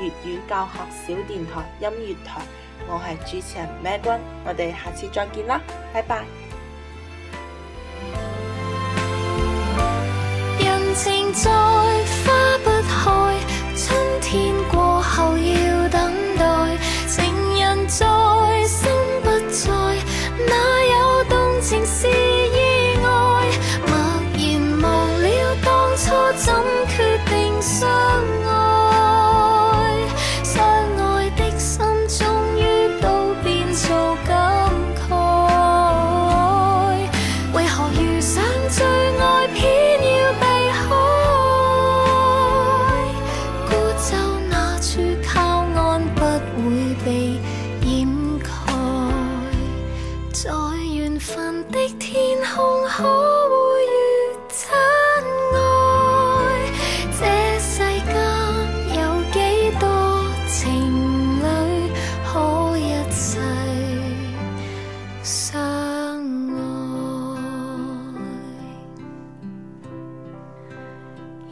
粵語教學小電台音樂台，我係主持人咩君，我哋下次再見啦，拜拜。人